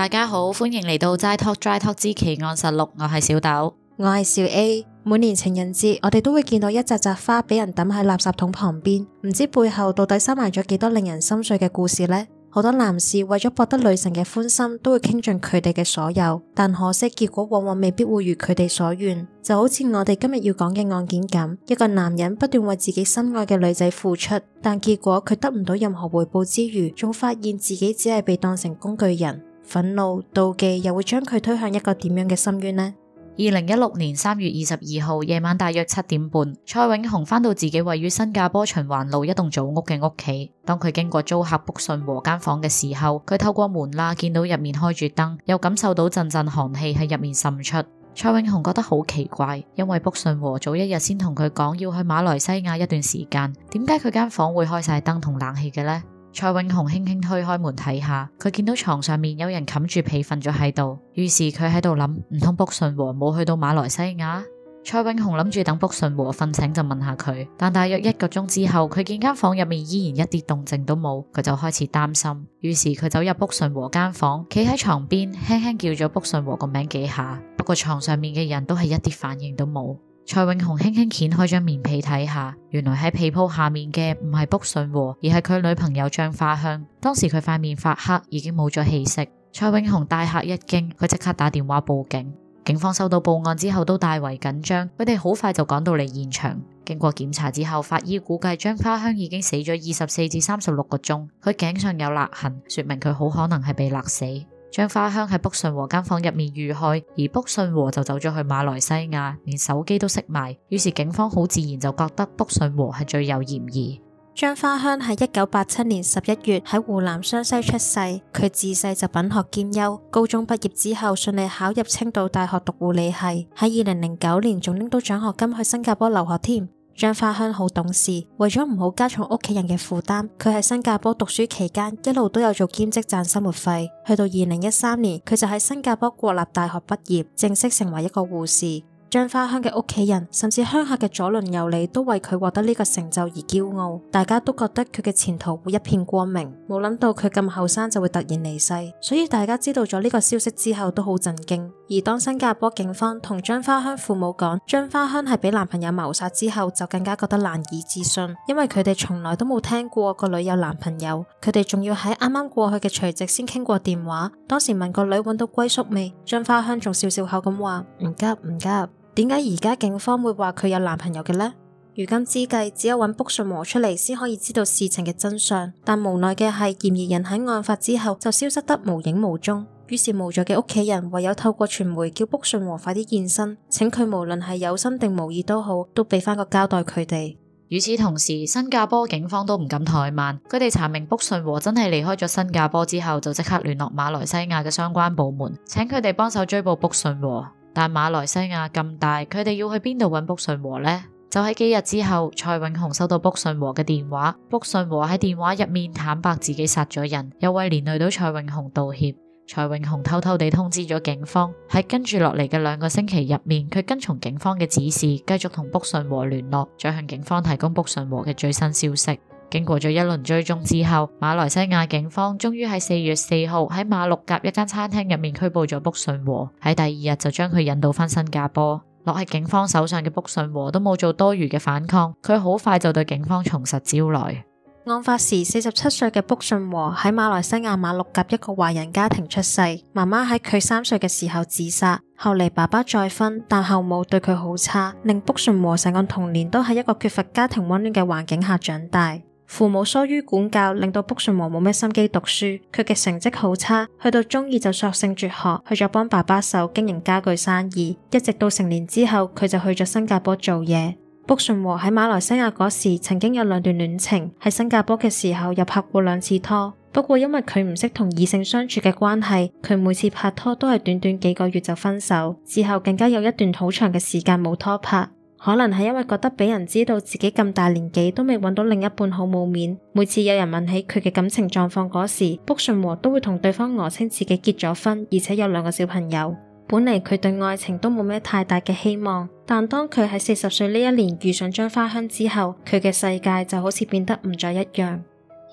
大家好，歡迎嚟到齋 talk dry talk 之奇案實錄。我係小豆，我係小 A。每年情人節，我哋都會見到一扎紮花俾人抌喺垃圾桶旁邊，唔知背後到底收埋咗幾多令人心碎嘅故事呢？好多男士為咗博得女神嘅歡心，都會傾盡佢哋嘅所有，但可惜結果往往未必會如佢哋所願。就好似我哋今日要講嘅案件咁，一個男人不斷為自己心愛嘅女仔付出，但結果佢得唔到任何回報之餘，仲發現自己只係被當成工具人。憤怒、妒忌，又會將佢推向一個點樣嘅深淵呢？二零一六年三月二十二號夜晚大約七點半，蔡永雄翻到自己位於新加坡循環路一棟祖屋嘅屋企。當佢經過租客卜順和間房嘅時候，佢透過門罅見到入面開住燈，又感受到陣陣寒氣喺入面滲出。蔡永雄覺得好奇怪，因為卜順和早一日先同佢講要去馬來西亞一段時間，點解佢間房會開晒燈同冷氣嘅呢？蔡永雄輕輕推開門睇下，佢見到床上面有人冚住被瞓咗喺度。於是佢喺度諗，唔通卜順和冇去到馬來西亞？蔡永雄諗住等卜順和瞓醒就問下佢，但大約一個鐘之後，佢見間房入面依然一啲動靜都冇，佢就開始擔心。於是佢走入卜順和間房，企喺床邊，輕輕叫咗卜順和個名幾下，不過床上面嘅人都係一啲反應都冇。蔡永雄輕輕掀開張棉被睇下，原來喺被鋪下面嘅唔係卜順和，而係佢女朋友張花香。當時佢塊面發黑，已經冇咗氣息。蔡永雄大吓一驚，佢即刻打電話報警。警方收到報案之後都大為緊張，佢哋好快就趕到嚟現場。經過檢查之後，法醫估計張花香已經死咗二十四至三十六個鐘。佢頸上有勒痕，說明佢好可能係被勒死。張花香喺卜順和間房入面遇害，而卜順和就走咗去馬來西亞，連手機都熄埋。於是警方好自然就覺得卜順和係最有嫌疑。張花香喺一九八七年十一月喺湖南湘西出世，佢自細就品學兼優，高中畢業之後順利考入青島大學讀護理系，喺二零零九年仲拎到獎學金去新加坡留學添。張花香好懂事，為咗唔好加重屋企人嘅負擔，佢喺新加坡讀書期間一路都有做兼職賺生活費。去到二零一三年，佢就喺新加坡國立大學畢業，正式成為一個護士。張花香嘅屋企人甚至鄉下嘅左鄰右里都為佢獲得呢個成就而驕傲，大家都覺得佢嘅前途會一片光明。冇諗到佢咁後生就會突然離世，所以大家知道咗呢個消息之後都好震驚。而當新加坡警方同張花香父母講，張花香係俾男朋友謀殺之後，就更加覺得難以置信，因為佢哋從來都冇聽過個女有男朋友，佢哋仲要喺啱啱過去嘅除夕先傾過電話。當時問個女揾到歸宿未，張花香仲笑笑口咁話唔急唔急。點解而家警方會話佢有男朋友嘅呢？如今之計，只有揾卜順和出嚟先可以知道事情嘅真相。但無奈嘅係，嫌疑人喺案發之後就消失得無影無蹤。於是無助嘅屋企人唯有透過傳媒叫卜順和快啲現身，請佢無論係有心定無意都好，都俾翻個交代佢哋。與此同時，新加坡警方都唔敢怠慢，佢哋查明卜順和真係離開咗新加坡之後，就即刻聯絡馬來西亞嘅相關部門，請佢哋幫手追捕卜順和。但馬來西亞咁大，佢哋要去邊度搵卜順和呢？就喺幾日之後，蔡永雄收到卜順和嘅電話，卜順和喺電話入面坦白自己殺咗人，又為連累到蔡永紅道歉。蔡永雄偷偷地通知咗警方，喺跟住落嚟嘅兩個星期入面，佢跟從警方嘅指示，繼續同卜順和聯絡，再向警方提供卜順和嘅最新消息。經過咗一輪追蹤之後，馬來西亞警方終於喺四月四號喺馬六甲一間餐廳入面拘捕咗卜順和，喺第二日就將佢引渡返新加坡。落喺警方手上嘅卜順和都冇做多餘嘅反抗，佢好快就對警方從實招來。案發時，四十七歲嘅卜順和喺馬來西亞馬六甲一個華人家庭出世，媽媽喺佢三歲嘅時候自殺，後嚟爸爸再婚，但後母對佢好差，令卜順和成個童年都喺一個缺乏家庭溫暖嘅環境下長大。父母疏於管教，令到卜順和冇咩心機讀書，佢嘅成績好差，去到中二就索性輟學，去咗幫爸爸手經營家具生意，一直到成年之後，佢就去咗新加坡做嘢。卜順和喺馬來西亞嗰時，曾經有兩段戀情，喺新加坡嘅時候又拍過兩次拖。不過因為佢唔識同異性相處嘅關係，佢每次拍拖都係短短幾個月就分手。之後更加有一段好長嘅時間冇拖拍，可能係因為覺得俾人知道自己咁大年紀都未揾到另一半好冇面。每次有人問起佢嘅感情狀況嗰時，卜順和都會同對方訛稱自己結咗婚，而且有兩個小朋友。本嚟佢對愛情都冇咩太大嘅希望，但當佢喺四十歲呢一年遇上張花香之後，佢嘅世界就好似變得唔再一樣。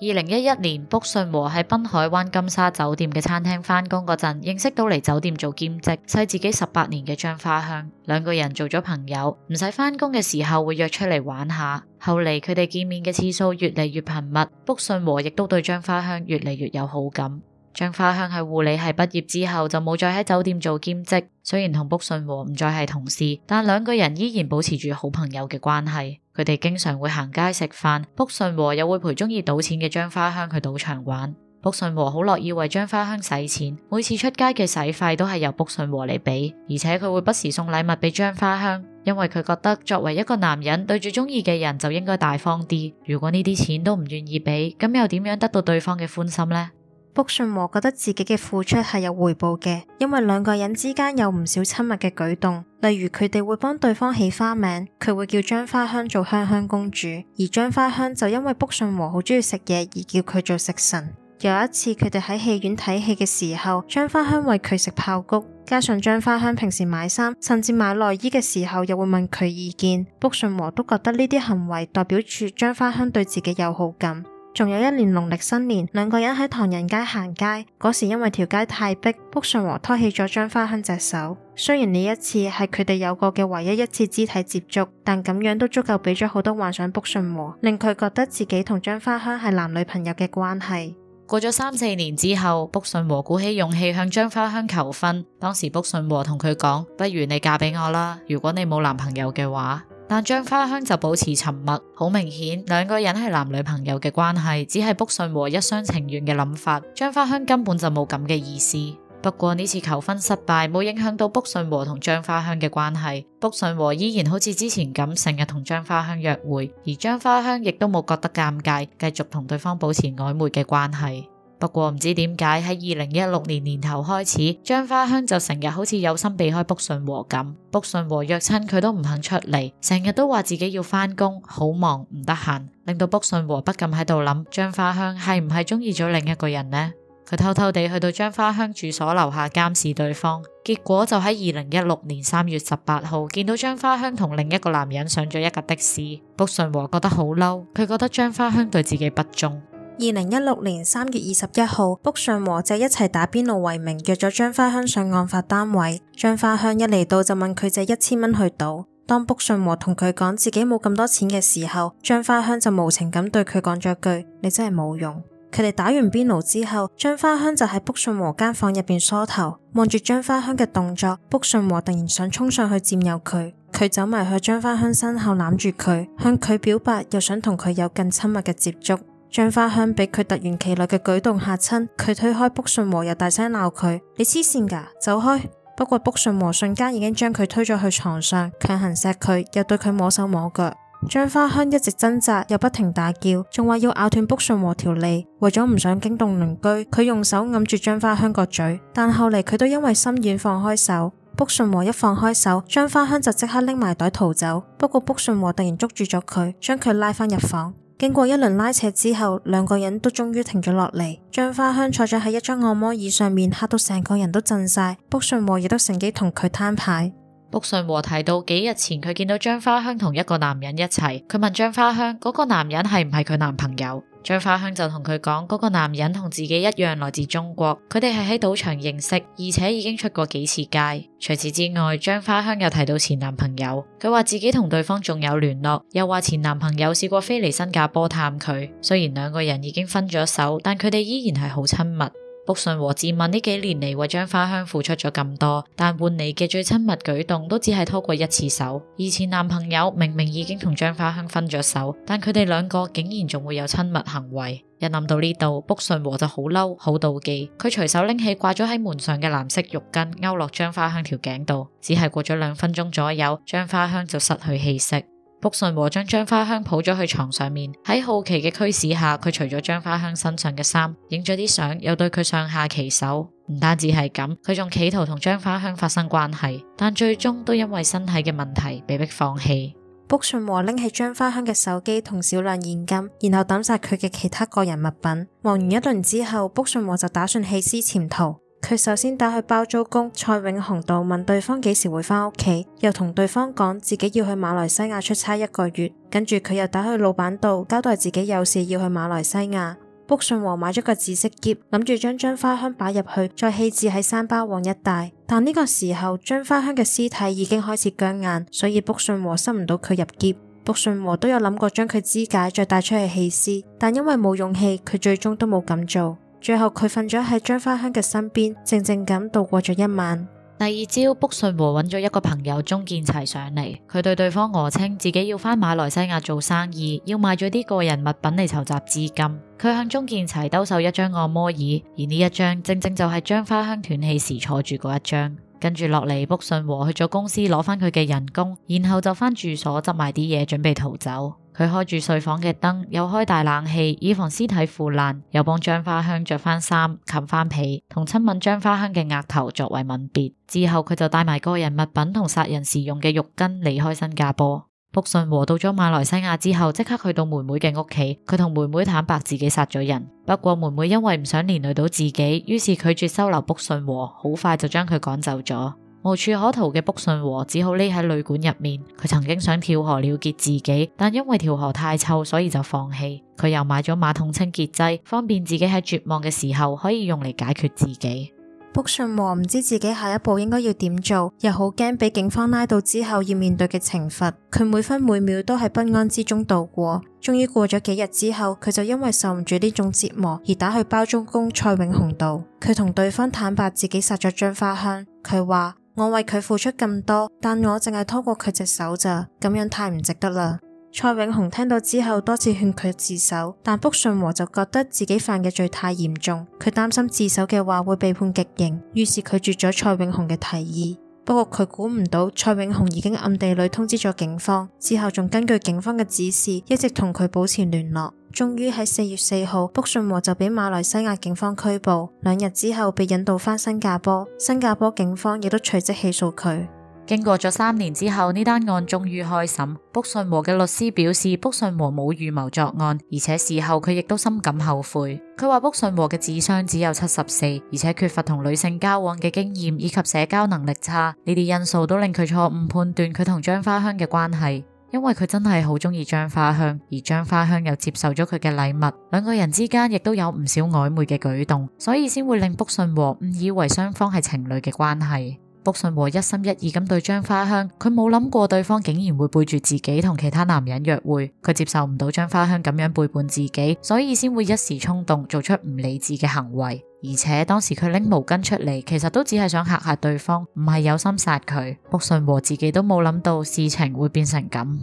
二零一一年，卜順和喺濱海灣金沙酒店嘅餐廳返工嗰陣，認識到嚟酒店做兼職細自己十八年嘅張花香，兩個人做咗朋友，唔使返工嘅時候會約出嚟玩下。後嚟佢哋見面嘅次數越嚟越頻密，卜順和亦都對張花香越嚟越有好感。張花香係護理系畢業之後就冇再喺酒店做兼職。雖然同卜順和唔再係同事，但兩個人依然保持住好朋友嘅關係。佢哋經常會行街食飯，卜順和又會陪中意賭錢嘅張花香去賭場玩。卜順和好樂意為張花香使錢，每次出街嘅使費都係由卜順和嚟俾，而且佢會不時送禮物俾張花香，因為佢覺得作為一個男人對住中意嘅人就應該大方啲。如果呢啲錢都唔願意俾，咁又點樣得到對方嘅歡心呢？卜信和覺得自己嘅付出係有回報嘅，因為兩個人之間有唔少親密嘅舉動，例如佢哋會幫對方起花名，佢會叫張花香做香香公主，而張花香就因為卜順和好中意食嘢而叫佢做食神。有一次佢哋喺戲院睇戲嘅時候，張花香餵佢食爆穀，加上張花香平時買衫甚至買內衣嘅時候又會問佢意見，卜順和都覺得呢啲行為代表住張花香對自己有好感。仲有一年農曆新年，兩個人喺唐人街行街嗰時，因為條街太逼，卜順和拖起咗張花香隻手。雖然呢一次係佢哋有過嘅唯一一次肢體接觸，但咁樣都足夠俾咗好多幻想卜順和，令佢覺得自己同張花香係男女朋友嘅關係。過咗三四年之後，卜順和鼓起勇氣向張花香求婚。當時卜順和同佢講：不如你嫁俾我啦，如果你冇男朋友嘅話。但張花香就保持沉默，好明顯，兩個人係男女朋友嘅關係，只係卜順和一廂情願嘅諗法，張花香根本就冇咁嘅意思。不過呢次求婚失敗，冇影響到卜順和同張花香嘅關係，卜順和依然好似之前咁成日同張花香約會，而張花香亦都冇覺得尷尬，繼續同對方保持曖昧嘅關係。不過唔知點解喺二零一六年年頭開始，張花香就成日好似有心避開卜順和咁。卜順和約親佢都唔肯出嚟，成日都話自己要返工，好忙唔得閒，令到卜順和不禁喺度諗，張花香係唔係中意咗另一個人呢？佢偷偷地去到張花香住所樓下監視對方，結果就喺二零一六年三月十八號見到張花香同另一個男人上咗一架的士。卜順和覺得好嬲，佢覺得張花香對自己不忠。二零一六年三月二十一號，卜順和就一齊打邊爐為名約咗張花香上案發單位。張花香一嚟到就問佢借一千蚊去賭。當卜順和同佢講自己冇咁多錢嘅時候，張花香就無情咁對佢講咗句：你真係冇用。佢哋打完邊爐之後，張花香就喺卜順和間房入邊梳頭，望住張花香嘅動作，卜順和突然想衝上去佔有佢，佢走埋去張花香身後攬住佢，向佢表白，又想同佢有更親密嘅接觸。張花香被佢突如其來嘅舉動嚇親，佢推開卜順和，又大聲鬧佢：你黐線㗎，走開！不過卜順和瞬間已經將佢推咗去床上，強行錫佢，又對佢摸手摸腳。張花香一直掙扎，又不停大叫，仲話要咬斷卜順和條脷。為咗唔想驚動鄰居，佢用手按住張花香個嘴，但後嚟佢都因為心軟放開手。卜順和一放開手，張花香就即刻拎埋袋逃走。不過卜順和突然捉住咗佢，將佢拉返入房。經過一輪拉扯之後，兩個人都終於停咗落嚟。張花香坐咗喺一張按摩椅上面，嚇到成個人都震晒。卜順和亦都乘機同佢攤牌。卜順和提到，幾日前佢見到張花香同一個男人一齊，佢問張花香嗰個男人係唔係佢男朋友。張花香就同佢講，嗰、那個男人同自己一樣來自中國，佢哋係喺賭場認識，而且已經出過幾次街。除此之外，張花香又提到前男朋友，佢話自己同對方仲有聯絡，又話前男朋友試過飛嚟新加坡探佢，雖然兩個人已經分咗手，但佢哋依然係好親密。卜順和自問呢幾年嚟為張花香付出咗咁多，但換嚟嘅最親密舉動都只係拖過一次手。以前男朋友明明已經同張花香分咗手，但佢哋兩個竟然仲會有親密行為。一諗到呢度，卜順和就好嬲、好妒忌。佢隨手拎起掛咗喺門上嘅藍色浴巾，勾落張花香條頸度。只係過咗兩分鐘左右，張花香就失去氣息。卜順和將張花香抱咗去床上面，喺好奇嘅驅使下，佢除咗張花香身上嘅衫，影咗啲相，又對佢上下其手。唔單止係咁，佢仲企圖同張花香發生關係，但最終都因為身體嘅問題被迫放棄。卜順和拎起張花香嘅手機同少量現金，然後抌晒佢嘅其他個人物品，忙完一輪之後，卜順和就打算棄屍潛逃。佢首先打去包租公蔡永雄度問對方幾時會返屋企，又同對方講自己要去馬來西亞出差一個月，跟住佢又打去老闆度交代自己有事要去馬來西亞。卜順和買咗個紫色篋，諗住將張花香擺入去，再棄置喺山巴旺一帶。但呢個時候，張花香嘅屍體已經開始僵硬，所以卜順和塞唔到佢入篋。卜順和都有諗過將佢肢解再帶出去棄屍，但因為冇勇氣，佢最終都冇咁做。最後佢瞓咗喺張花香嘅身邊，靜靜咁度過咗一晚。第二朝，卜順和揾咗一個朋友鍾建齊上嚟，佢對對方訛稱自己要返馬來西亞做生意，要賣咗啲個人物品嚟籌集資金。佢向鍾建齊兜售一張按摩椅，而呢一張正正就係張花香斷氣時坐住嗰一張。跟住落嚟，卜順和去咗公司攞返佢嘅人工，然後就返住所執埋啲嘢準備逃走。佢開住睡房嘅燈，又開大冷氣，以防屍體腐爛，又幫張花香着翻衫、冚翻被，同親吻張花香嘅額頭作為吻別。之後佢就帶埋個人物品同殺人時用嘅浴巾離開新加坡。卜順和到咗馬來西亞之後，即刻去到妹妹嘅屋企，佢同妹妹坦白自己殺咗人。不過妹妹因為唔想連累到自己，於是拒絕收留卜順和，好快就將佢趕走咗。無處可逃嘅卜順和只好匿喺旅館入面。佢曾經想跳河了結自己，但因為跳河太臭，所以就放棄。佢又買咗馬桶清潔劑，方便自己喺絕望嘅時候可以用嚟解決自己。卜順和唔知自己下一步應該要點做，又好驚俾警方拉到之後要面對嘅懲罰。佢每分每秒都喺不安之中度過。終於過咗幾日之後，佢就因為受唔住呢種折磨而打去包租公蔡永雄度。佢同對方坦白自己殺咗張花香。佢話我為佢付出咁多，但我淨係拖過佢隻手咋，咁樣太唔值得啦。蔡永雄聽到之後多次勸佢自首，但卜順和就覺得自己犯嘅罪太嚴重，佢擔心自首嘅話會被判極刑，於是拒絕咗蔡永雄嘅提議。不過佢估唔到蔡永雄已經暗地裏通知咗警方，之後仲根據警方嘅指示一直同佢保持聯絡。終於喺四月四號，卜順和就俾馬來西亞警方拘捕，兩日之後被引渡翻新加坡，新加坡警方亦都隨即起訴佢。經過咗三年之後，呢單案終於開審，卜順和嘅律師表示卜順和冇預謀作案，而且事後佢亦都深感後悔。佢話卜順和嘅智商只有七十四，而且缺乏同女性交往嘅經驗以及社交能力差，呢啲因素都令佢錯誤判斷佢同張花香嘅關係。因為佢真係好中意張花香，而張花香又接受咗佢嘅禮物，兩個人之間亦都有唔少曖昧嘅舉動，所以先會令卜順和誤以為雙方係情侶嘅關係。卜順和一心一意咁對張花香，佢冇諗過對方竟然會背住自己同其他男人約會，佢接受唔到張花香咁樣背叛自己，所以先會一時衝動做出唔理智嘅行為。而且當時佢拎毛巾出嚟，其實都只係想嚇嚇對方，唔係有心殺佢。卜順和自己都冇諗到事情會變成咁。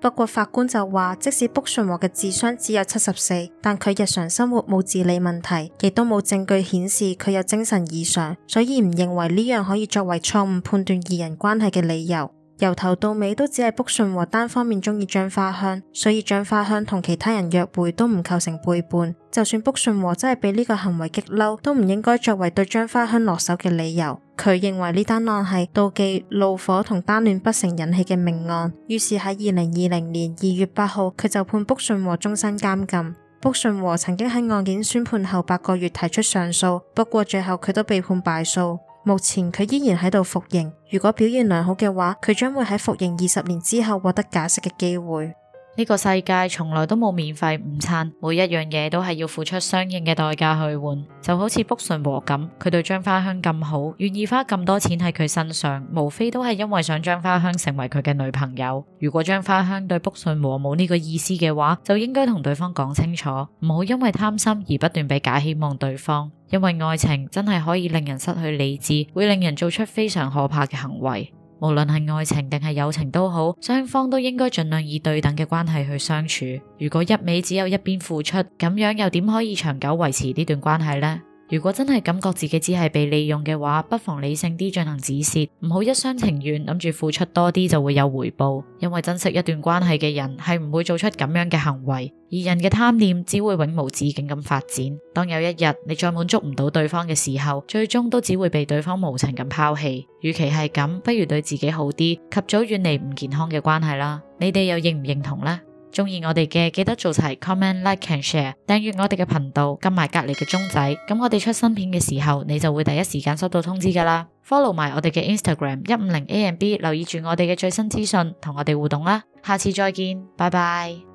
不過法官就話，即使卜順和嘅智商只有七十四，但佢日常生活冇自理問題，亦都冇證據顯示佢有精神異常，所以唔認為呢樣可以作為錯誤判斷二人關係嘅理由。由頭到尾都只係卜順和單方面鍾意張花香，所以張花香同其他人約會都唔構成背叛。就算卜順和真係被呢個行為激嬲，都唔應該作為對張花香落手嘅理由。佢認為呢單案係妒忌、怒火同單戀不成引起嘅命案，於是喺二零二零年二月八號，佢就判卜順和終身監禁。卜順和曾經喺案件宣判後八個月提出上訴，不過最後佢都被判敗訴。目前佢依然喺度服刑，如果表現良好嘅話，佢將會喺服刑二十年之後獲得假釋嘅機會。呢個世界從來都冇免費午餐，每一樣嘢都係要付出相應嘅代價去換。就好似卜順和咁，佢對張花香咁好，願意花咁多錢喺佢身上，無非都係因為想張花香成為佢嘅女朋友。如果張花香對卜順和冇呢個意思嘅話，就應該同對方講清楚，唔好因為貪心而不斷俾假希望對方。因為愛情真係可以令人失去理智，會令人做出非常可怕嘅行為。無論係愛情定係友情都好，雙方都應該盡量以對等嘅關係去相處。如果一味只有一邊付出，咁樣又點可以長久維持呢段關係呢？如果真係感覺自己只係被利用嘅話，不妨理性啲進行止蝕，唔好一廂情願諗住付出多啲就會有回報。因為珍惜一段關係嘅人係唔會做出咁樣嘅行為，而人嘅貪念只會永無止境咁發展。當有一日你再滿足唔到對方嘅時候，最終都只會被對方無情咁拋棄。與其係咁，不如對自己好啲，及早遠離唔健康嘅關係啦。你哋又認唔認同呢？中意我哋嘅記得做齊 comment like and share 訂閱我哋嘅頻道，撳埋隔籬嘅鐘仔，咁我哋出新片嘅時候，你就會第一時間收到通知㗎喇。Follow 埋我哋嘅 Instagram 一五零 AMB，留意住我哋嘅最新資訊，同我哋互動啦。下次再見，拜拜。